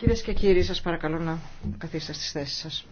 Κυρίες και κύριοι, σας παρακαλώ να καθίσετε στις θέσεις σας.